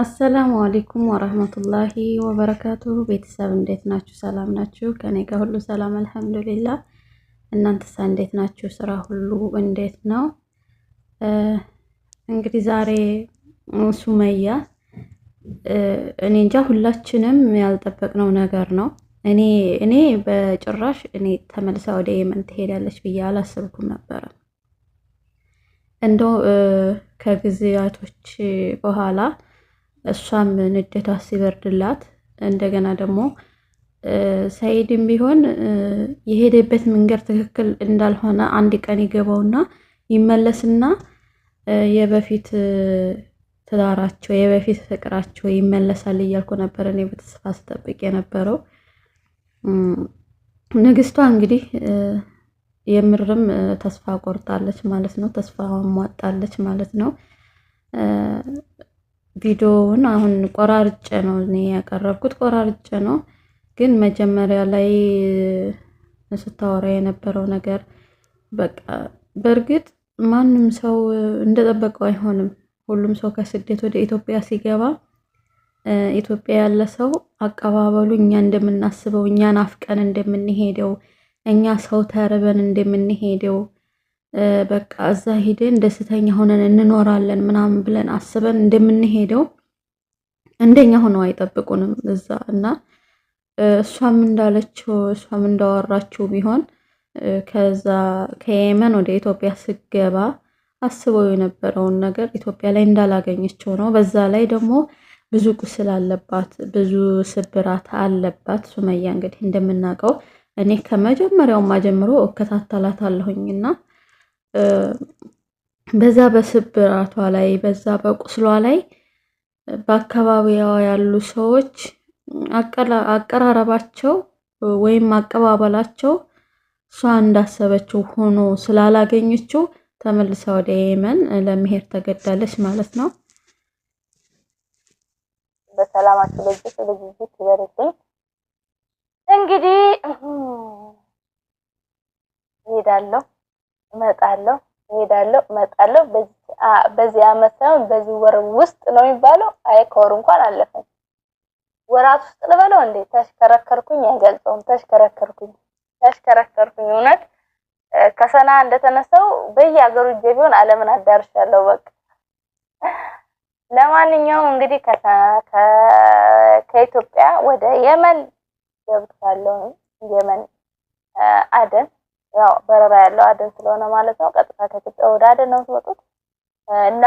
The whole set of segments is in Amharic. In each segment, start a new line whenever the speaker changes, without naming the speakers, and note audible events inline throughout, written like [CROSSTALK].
አሰላሙ አሌይኩም ወረህመቱላሂ ወበረካቱ። ቤተሰብ እንዴት ናችሁ? ሰላም ናችሁ? ከኔ ጋር ሁሉ ሰላም አልሐምዱሊላ። እናንተሳ እንዴት ናችሁ? ስራ ሁሉ እንዴት ነው? እንግዲህ ዛሬ ሱመያ እኔ እንጃ ሁላችንም ያልጠበቅነው ነገር ነው። እኔ እኔ በጭራሽ እኔ ተመልሳ ወደ የመን ትሄዳለች ብዬ አላሰብኩም ነበረ። እንደው ከጊዜያቶች በኋላ እሷም ንዴቷ ሲበርድላት እንደገና ደግሞ ሰኢድም ቢሆን የሄደበት መንገድ ትክክል እንዳልሆነ አንድ ቀን ይገባውና ይመለስና የበፊት ትዳራቸው የበፊት ፍቅራቸው ይመለሳል እያልኩ ነበር እኔ በተስፋ ስጠብቅ የነበረው። ንግስቷ እንግዲህ የምርም ተስፋ ቆርጣለች ማለት ነው። ተስፋ ሟጣለች ማለት ነው። ቪዲዮውን አሁን ቆራርጨ ነው እኔ ያቀረብኩት፣ ቆራርጨ ነው። ግን መጀመሪያ ላይ ስታወራ የነበረው ነገር በቃ በእርግጥ ማንም ሰው እንደጠበቀው አይሆንም። ሁሉም ሰው ከስደት ወደ ኢትዮጵያ ሲገባ ኢትዮጵያ ያለ ሰው አቀባበሉ እኛ እንደምናስበው እኛን አፍቀን እንደምንሄደው እኛ ሰው ተርበን እንደምንሄደው በቃ እዛ ሄደን ደስተኛ ሆነን እንኖራለን ምናምን ብለን አስበን እንደምንሄደው እንደኛ ሆነው አይጠብቁንም እዛ እና እሷም እንዳለችው እሷም እንዳወራችው ቢሆን ከዛ ከየመን ወደ ኢትዮጵያ ስገባ አስበው የነበረውን ነገር ኢትዮጵያ ላይ እንዳላገኘችው ነው። በዛ ላይ ደግሞ ብዙ ቁስል አለባት፣ ብዙ ስብራት አለባት። ሱመያ እንግዲህ እንደምናውቀው እኔ ከመጀመሪያውማ ጀምሮ እከታተላታለሁኝና በዛ በስብራቷ ላይ በዛ በቁስሏ ላይ በአካባቢዋ ያሉ ሰዎች አቀራረባቸው ወይም አቀባበላቸው እሷ እንዳሰበችው ሆኖ ስላላገኘችው ተመልሳ ወደ የመን ለመሄድ ተገዳለች ማለት ነው።
በሰላማችሁ ይበርልኝ። እንግዲህ እሄዳለሁ እመጣለሁ እሄዳለሁ እመጣለሁ። በዚህ አመት ሳይሆን በዚህ ወር ውስጥ ነው የሚባለው። አይ ከወር እንኳን አለፈኝ። ወራት ውስጥ ልበለው እንዴ? ተሽከረከርኩኝ፣ አይገልጸውም። ተሽከረከርኩኝ ተሽከረከርኩኝ። እውነት ከሰና እንደተነሳው በየሀገሩ እጄ ቢሆን አለምን አዳርሻለሁ። በቃ ለማንኛውም እንግዲህ ከኢትዮጵያ ወደ የመን ገብቻለሁ። የመን አደን ያው በረራ ያለው አደን ስለሆነ ማለት ነው። ቀጥታ ከኢትዮጵያ ወደ አደን ነው የምትመጡት እና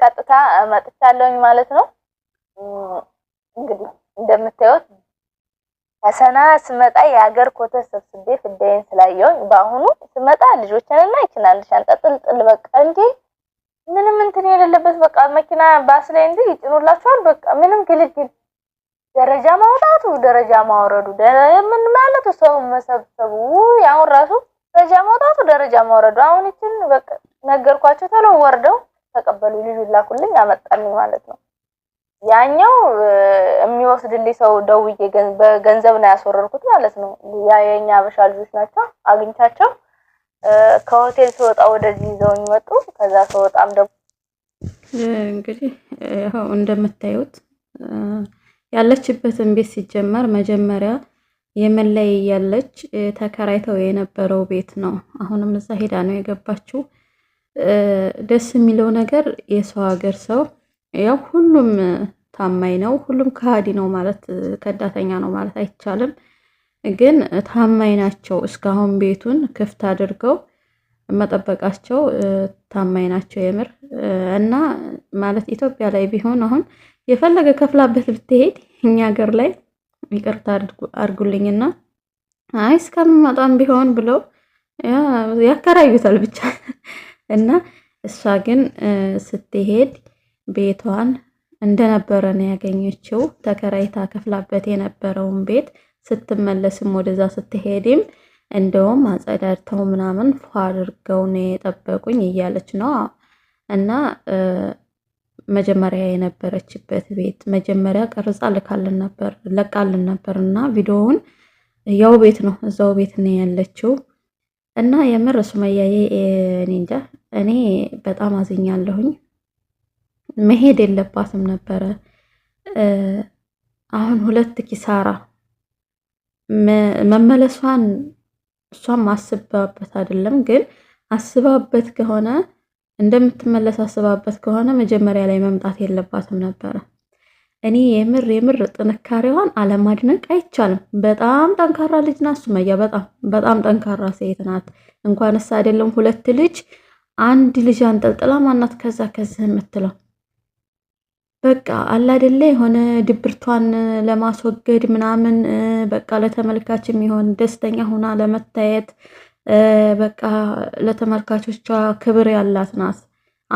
ቀጥታ መጥቻለሁኝ ማለት ነው። እንግዲህ እንደምታዩት ከሰና ስመጣ የሀገር ኮተ ሰብስቤ ፍዳዬን ስላየውኝ በአሁኑ ስመጣ ልጆችንና እና አንድ ሻንጣ ጥልጥል በቃ እንጂ ምንም እንትን የሌለበት በቃ መኪና ባስ ላይ እንጂ ይጭኑላችኋል። በቃ ምንም ግልግል ደረጃ ማውጣቱ ደረጃ ማውረዱ ምን ማለቱ ሰው መሰብሰቡ አሁን ራሱ ደረጃ ማውጣቱ ደረጃ ማውረዱ አሁን ይችን በቃ ነገርኳቸው ተለው ወርደው ተቀበሉ ልጁ ላኩልኝ አመጣልኝ ማለት ነው። ያኛው የሚወስድልኝ ሰው ደውዬ በገንዘብ ነው ያስወረርኩት ማለት ነው። ያ የኛ አበሻ ልጆች ናቸው አግኝቻቸው ከሆቴል ስወጣ ወደዚህ ይዘውኝ ወጡ። ከዛ ስወጣም ደግሞ
እንግዲህ ያው እንደምታዩት ያለችበትን ቤት ሲጀመር መጀመሪያ የመለያ ያለች ተከራይተው የነበረው ቤት ነው። አሁንም እዛ ሄዳ ነው የገባችው። ደስ የሚለው ነገር የሰው ሀገር ሰው ያው ሁሉም ታማኝ ነው፣ ሁሉም ከሃዲ ነው ማለት ከዳተኛ ነው ማለት አይቻልም። ግን ታማኝ ናቸው። እስካሁን ቤቱን ክፍት አድርገው መጠበቃቸው ታማኝ ናቸው የምር እና ማለት ኢትዮጵያ ላይ ቢሆን አሁን የፈለገ ከፍላበት ብትሄድ እኛ ሀገር ላይ ይቅርታ አድርጉልኝና አይ እስከምመጣም ቢሆን ብሎ ያከራዩታል ብቻ [LAUGHS] እና እሷ ግን ስትሄድ ቤቷን እንደነበረ ነው ያገኘችው። ተከራይታ ከፍላበት የነበረውን ቤት ስትመለስም ወደዛ ስትሄድም እንደውም አጸዳድተው ምናምን ፏ አድርገው ነው የጠበቁኝ እያለች ነው እና መጀመሪያ የነበረችበት ቤት መጀመሪያ ቀርጻ ልካልን ነበር ለቃልን ነበር እና ቪዲዮውን ያው ቤት ነው እዛው ቤት ነው ያለችው እና የምር ሱመያዬ እኔ እንጃ እኔ በጣም አዝኛለሁኝ። መሄድ የለባትም ነበረ። አሁን ሁለት ኪሳራ መመለሷን እሷም አስባበት አይደለም ግን አስባበት ከሆነ እንደምትመለስ አስባበት ከሆነ መጀመሪያ ላይ መምጣት የለባትም ነበረ። እኔ የምር የምር ጥንካሬዋን አለማድነቅ አይቻልም። በጣም ጠንካራ ልጅ ናት ሱመያ፣ በጣም በጣም ጠንካራ ሴት ናት። እንኳንስ አይደለም ሁለት ልጅ አንድ ልጅ አንጠልጥላ ማናት ከዛ ከዚህ የምትለው በቃ አላደለ የሆነ ድብርቷን ለማስወገድ ምናምን በቃ ለተመልካች የሚሆን ደስተኛ ሁና ለመታየት በቃ ለተመልካቾቿ ክብር ያላት ናት።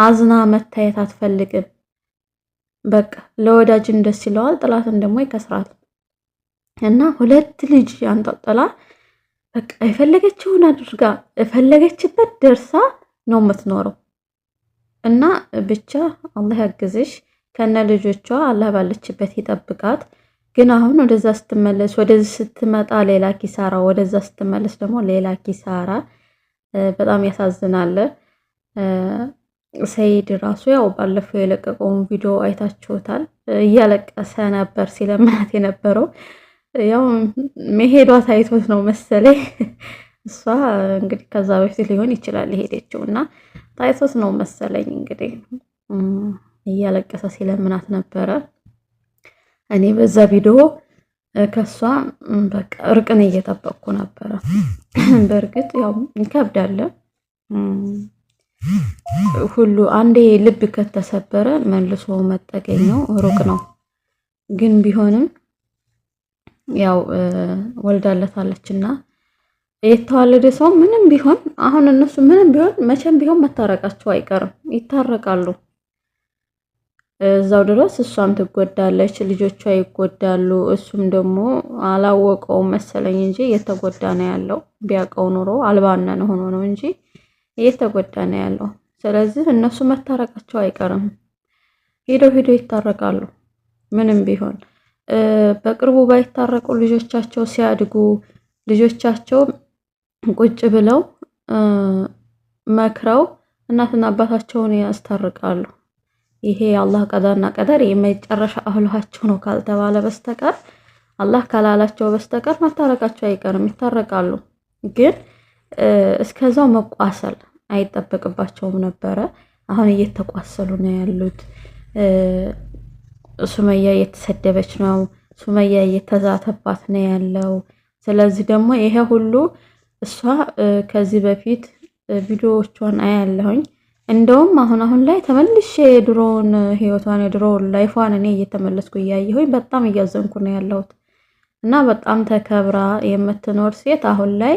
አዝና መታየት አትፈልግም። በቃ ለወዳጅም ደስ ይለዋል፣ ጥላትን ደግሞ ይከስራል። እና ሁለት ልጅ አንጠልጥላ በቃ የፈለገችውን አድርጋ የፈለገችበት ደርሳ ነው የምትኖረው። እና ብቻ አላህ ያግዝሽ። ከነ ልጆቿ አላህ ባለችበት ይጠብቃት። ግን አሁን ወደዛ ስትመለስ ወደዚህ ስትመጣ ሌላ ኪሳራ፣ ወደዛ ስትመለስ ደግሞ ሌላ ኪሳራ። በጣም ያሳዝናል። ሰይድ ራሱ ያው ባለፈው የለቀቀውን ቪዲዮ አይታችሁታል። እያለቀሰ ነበር ሲለምናት የነበረው ያው መሄዷ ታይቶት ነው መሰለኝ። እሷ እንግዲህ ከዛ በፊት ሊሆን ይችላል የሄደችው እና ታይቶት ነው መሰለኝ እንግዲህ እያለቀሰ ሲለምናት ነበረ። እኔ በዛ ቪዲዮ ከሷ በቃ እርቅን እየጠበቅኩ ነበረ። [CLEARS THROAT] በእርግጥ ያው ይከብዳል ሁሉ አንዴ ልብ ከተሰበረ መልሶ መጠገኘው ሩቅ ነው። ግን ቢሆንም ያው ወልዳለታለች እና የተዋለደ ሰው ምንም ቢሆን አሁን እነሱ ምንም ቢሆን መቼም ቢሆን መታረቃቸው አይቀርም፣ ይታረቃሉ። እዛው ድረስ እሷም ትጎዳለች፣ ልጆቿ ይጎዳሉ። እሱም ደግሞ አላወቀውም መሰለኝ እንጂ እየተጎዳ ነው ያለው። ቢያውቀው ኑሮ አልባነን ሆኖ ነው እንጂ እየተጎዳ ነው ያለው። ስለዚህ እነሱ መታረቃቸው አይቀርም፣ ሄደው ሄደው ይታረቃሉ። ምንም ቢሆን በቅርቡ ባይታረቁ ልጆቻቸው ሲያድጉ ልጆቻቸው ቁጭ ብለው መክረው እናትና አባታቸውን ያስታርቃሉ። ይሄ የአላህ ቀዳና ቀደር የመጨረሻ እህልሃቸው ነው ካልተባለ በስተቀር አላህ ካላላቸው በስተቀር መታረቃቸው አይቀርም፣ ይታረቃሉ። ግን እስከዛው መቋሰል አይጠበቅባቸውም ነበረ። አሁን እየተቋሰሉ ነው ያሉት። ሱመያ እየተሰደበች ነው፣ ሱመያ እየተዛተባት ነው ያለው። ስለዚህ ደግሞ ይሄ ሁሉ እሷ ከዚህ በፊት ቪዲዮዎቿን አያለሁኝ እንደውም አሁን አሁን ላይ ተመልሼ የድሮውን ህይወቷን የድሮውን ላይፏን እኔ እየተመለስኩ እያየሁኝ በጣም እያዘንኩ ነው ያለሁት። እና በጣም ተከብራ የምትኖር ሴት አሁን ላይ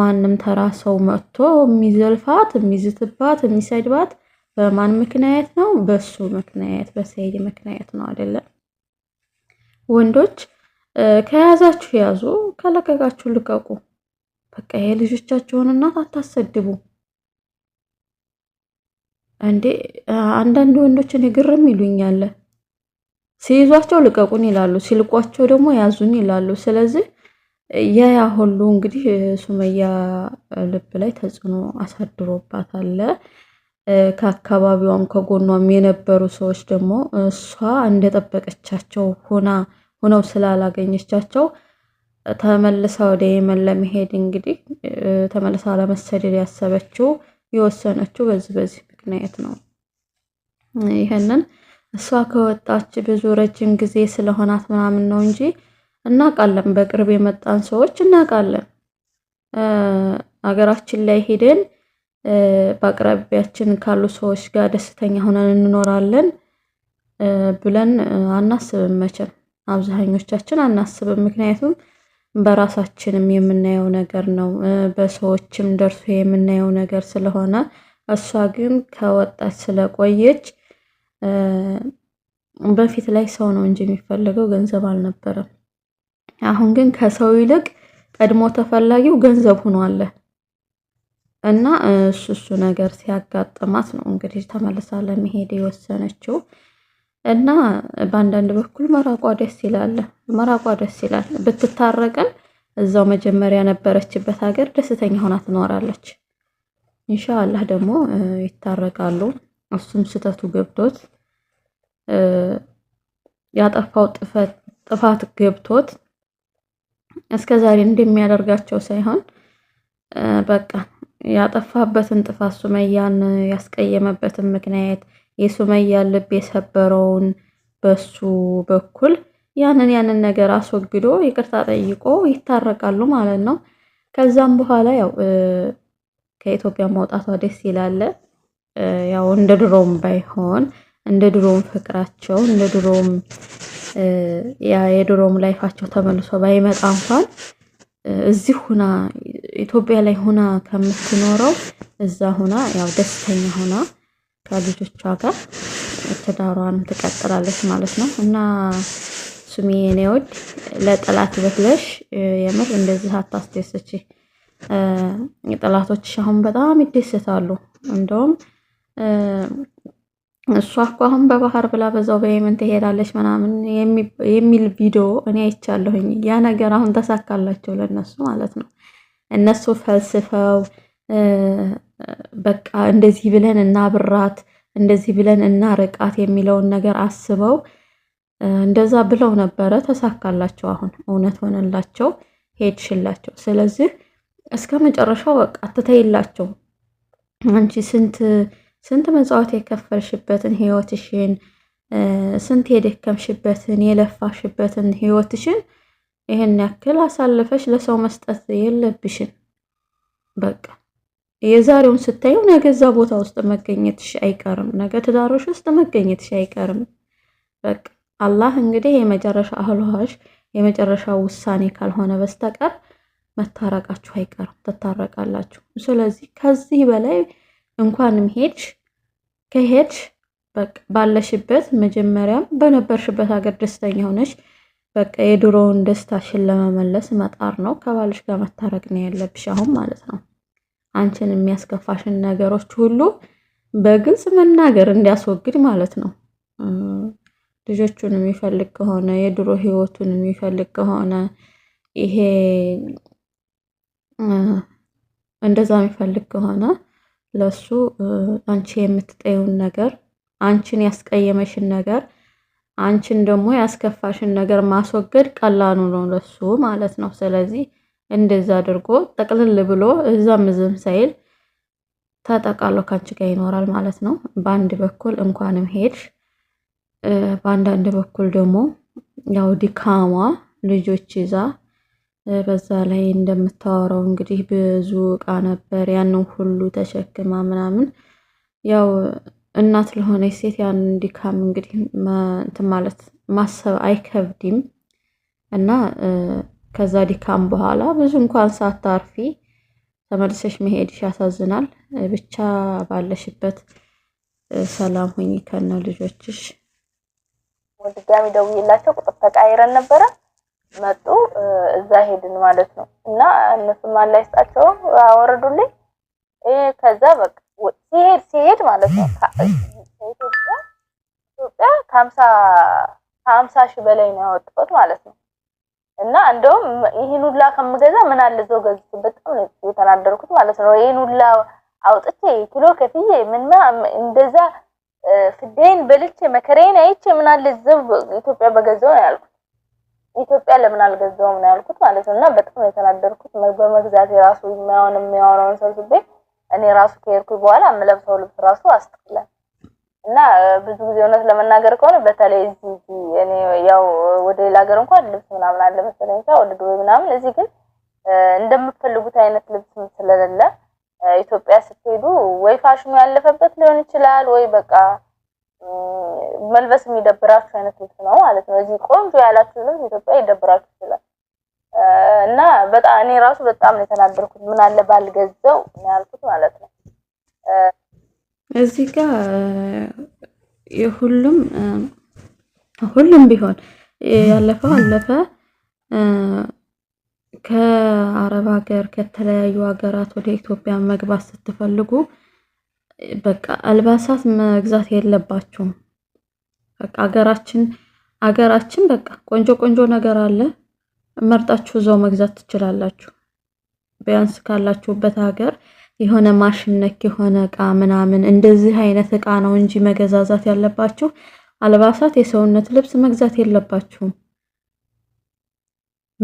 ማንም ተራ ሰው መጥቶ የሚዘልፋት፣ የሚዝትባት፣ የሚሰድባት በማን ምክንያት ነው? በሱ ምክንያት በሰይድ ምክንያት ነው አይደለም። ወንዶች ከያዛችሁ ያዙ፣ ከለቀቃችሁ ልቀቁ። በቃ የልጆቻችሁን እናት አታሰድቡ። እንዴ አንዳንድ ወንዶች እኔ ግርም ይሉኛል። ሲይዟቸው ልቀቁን ይላሉ፣ ሲልቋቸው ደግሞ ያዙን ይላሉ። ስለዚህ ያ ሁሉ እንግዲህ ሱመያ ልብ ላይ ተጽዕኖ አሳድሮባታል። ከአካባቢዋም ከጎኗም የነበሩ ሰዎች ደግሞ እሷ እንደጠበቀቻቸው ሆና ሆነው ስላላገኘቻቸው ተመልሳ ወደ የመን ለመሄድ እንግዲህ ተመልሳ ለመሰደድ ያሰበችው የወሰነችው በዚህ በዚህ ምክንያት ነው። ይህንን እሷ ከወጣች ብዙ ረጅም ጊዜ ስለሆናት ምናምን ነው እንጂ እናውቃለን። በቅርብ የመጣን ሰዎች እናውቃለን። ሀገራችን ላይ ሄደን በአቅራቢያችን ካሉ ሰዎች ጋር ደስተኛ ሆነን እንኖራለን ብለን አናስብም። መቼም አብዛኞቻችን አናስብም። ምክንያቱም በራሳችንም የምናየው ነገር ነው፣ በሰዎችም ደርሶ የምናየው ነገር ስለሆነ እሷ ግን ከወጣት ስለቆየች በፊት ላይ ሰው ነው እንጂ የሚፈለገው ገንዘብ አልነበረም። አሁን ግን ከሰው ይልቅ ቀድሞ ተፈላጊው ገንዘብ ሆኗል እና እሱ እሱ ነገር ሲያጋጥማት ነው እንግዲህ ተመልሳ ለመሄድ የወሰነችው እና በአንዳንድ በኩል መራቋ ደስ ይላል። መራቋ ደስ ይላል። ብትታረቅም እዛው መጀመሪያ ነበረችበት ሀገር ደስተኛ ሆና ትኖራለች። ኢንሻአላህ ደግሞ ይታረቃሉ። እሱም ስህተቱ ገብቶት ያጠፋው ጥፋት ገብቶት እስከ ዛሬ እንደሚያደርጋቸው ሳይሆን በቃ ያጠፋበትን ጥፋት ሱመያን ያስቀየመበትን ምክንያት የሱመያን ልብ የሰበረውን በሱ በኩል ያንን ያንን ነገር አስወግዶ ይቅርታ ጠይቆ ይታረቃሉ ማለት ነው። ከዛም በኋላ ያው ከኢትዮጵያ መውጣቷ ደስ ይላል። ያው እንደ ድሮም ባይሆን እንደ ድሮም ፍቅራቸው እንደ ድሮም ያ የድሮም ላይፋቸው ተመልሶ ባይመጣ እንኳን እዚህ ሁና ኢትዮጵያ ላይ ሁና ከምትኖረው እዛ ሁና ያው ደስተኛ ሁና ከልጆቿ ጋር ትዳሯን ትቀጥላለች ማለት ነው እና ሱሜ የኔ ውድ ለጠላት በትለሽ የምር እንደዚህ አታስደስች። ጠላቶችሽ አሁን በጣም ይደሰታሉ። እንደውም እሷ እኮ አሁን በባህር ብላ በዛው በየመን ትሄዳለች ምናምን የሚል ቪዲዮ እኔ አይቻለሁኝ። ያ ነገር አሁን ተሳካላቸው ለነሱ ማለት ነው። እነሱ ፈልስፈው በቃ እንደዚህ ብለን እናብራት፣ እንደዚህ ብለን እናርቃት የሚለውን ነገር አስበው እንደዛ ብለው ነበረ። ተሳካላቸው። አሁን እውነት ሆነላቸው፣ ሄድሽላቸው። ስለዚህ እስከ መጨረሻው በቃ አትተይላቸው። አንቺ ስንት ስንት መጽዋት የከፈልሽበትን ህይወትሽን ስንት የደከምሽበትን የለፋሽበትን ህይወትሽን ይህን ያክል አሳልፈሽ ለሰው መስጠት የለብሽን። በቃ የዛሬውን ስታዩ ነገ እዛ ቦታ ውስጥ መገኘትሽ አይቀርም። ነገ ትዳሮሽ ውስጥ መገኘትሽ አይቀርም። በቃ አላህ እንግዲህ የመጨረሻ አህልሃሽ የመጨረሻ ውሳኔ ካልሆነ በስተቀር መታረቃችሁ አይቀርም፣ ትታረቃላችሁ። ስለዚህ ከዚህ በላይ እንኳንም ሄድሽ ከሄድሽ ባለሽበት መጀመሪያም በነበርሽበት ሀገር ደስተኛ ሆነሽ በቃ የድሮውን ደስታሽን ለመመለስ መጣር ነው። ከባልሽ ጋር መታረቅ ነው ያለብሽ አሁን ማለት ነው። አንቺን የሚያስከፋሽን ነገሮች ሁሉ በግልጽ መናገር እንዲያስወግድ ማለት ነው። ልጆቹን የሚፈልግ ከሆነ የድሮ ህይወቱን የሚፈልግ ከሆነ ይሄ እንደዛ የሚፈልግ ከሆነ ለሱ አንቺ የምትጠየውን ነገር አንቺን ያስቀየመሽን ነገር አንቺን ደግሞ ያስከፋሽን ነገር ማስወገድ ቀላሉ ነው ለሱ ማለት ነው። ስለዚህ እንደዛ አድርጎ ጠቅልል ብሎ እዛም ዝም ሳይል ተጠቃሎ ከአንቺ ጋር ይኖራል ማለት ነው። በአንድ በኩል እንኳንም ሄድሽ፣ በአንዳንድ በኩል ደግሞ ያው ድካሟ ልጆች ይዛ በዛ ላይ እንደምታወራው እንግዲህ ብዙ እቃ ነበር ያንን ሁሉ ተሸክማ ምናምን ያው እናት ለሆነች ሴት ያን ድካም እንግዲህ እንትን ማለት ማሰብ አይከብድም እና ከዛ ድካም በኋላ ብዙ እንኳን ሳታርፊ ተመልሰሽ መሄድሽ ያሳዝናል። ብቻ ባለሽበት ሰላም ሁኚ ከነ ልጆችሽ።
ድጋሚ ደውዬላቸው ቁጥር ተቃይረን ነበረ። መጡ። እዛ ሄድን ማለት ነው። እና እነሱም አላ ይስጣቸው አወረዱልኝ። ከዛ በቃ ሲሄድ ሲሄድ ማለት ነው ከኢትዮጵያ ኢትዮጵያ ከሀምሳ ከሀምሳ ሺህ በላይ ነው ያወጣሁት ማለት ነው። እና እንደውም ይህን ሁላ ከምገዛ ምን አለ እዛው ገዝቼ በጣም የተናደርኩት ማለት ነው። ይህን ሁላ አውጥቼ ኪሎ ከፍዬ ምን እንደዛ ፍዴን በልቼ መከሬን አይቼ ምን አለ እዛው ኢትዮጵያ በገዛው ነው ያልኩት። ኢትዮጵያ ለምን አልገዛውም ነው ያልኩት ማለት ነው። እና በጣም የተናደርኩት በመግዛት የራሱ የማይሆን የሚያወራውን ሰብስቤ እኔ ራሱ ከሄድኩ በኋላ የምለብሰው ልብስ ራሱ አስጠላል። እና ብዙ ጊዜ እውነት ለመናገር ከሆነ በተለይ እዚህ እኔ ያው ወደ ሌላ ሀገር እንኳን ልብስ ምናምን አለ መሰለኝ እንኳ ወደ ዱባይ ምናምን፣ እዚህ ግን እንደምትፈልጉት አይነት ልብስ ስለሌለ ኢትዮጵያ ስትሄዱ ወይ ፋሽኑ ያለፈበት ሊሆን ይችላል ወይ በቃ መልበስ የሚደብራችሁ አይነት ልብስ ነው ማለት ነው። እዚህ ቆንጆ ያላችሁ ልብስ ኢትዮጵያ ይደብራችሁ ይችላል እና በጣም እኔ ራሱ በጣም ነው የተናደርኩት። ምን አለ ባልገዘው ነው ያልኩት ማለት ነው። እዚህ ጋር
የሁሉም ሁሉም ቢሆን ያለፈው አለፈ። ከአረብ ሀገር ከተለያዩ ሀገራት ወደ ኢትዮጵያ መግባት ስትፈልጉ በቃ አልባሳት መግዛት የለባቸውም። በቃ አገራችን አገራችን በቃ ቆንጆ ቆንጆ ነገር አለ። መርጣችሁ እዛው መግዛት ትችላላችሁ። ቢያንስ ካላችሁበት ሀገር የሆነ ማሽን ነክ የሆነ እቃ ምናምን እንደዚህ አይነት እቃ ነው እንጂ መገዛዛት ያለባችሁ። አልባሳት፣ የሰውነት ልብስ መግዛት የለባችሁም።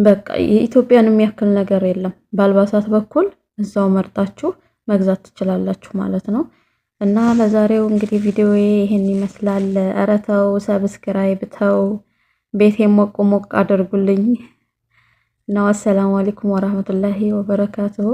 በቃ የኢትዮጵያን የሚያክል ነገር የለም። በአልባሳት በኩል እዛው መርጣችሁ መግዛት ትችላላችሁ ማለት ነው። እና ለዛሬው እንግዲህ ቪዲዮዬ ይሄን ይመስላል። እረ ተው ሰብስክራይብ ተው፣ ቤቴ ሞቅ ሞቅ አድርጉልኝ ነው። አሰላሙ አለይኩም ወራህመቱላሂ ወበረካቱሁ።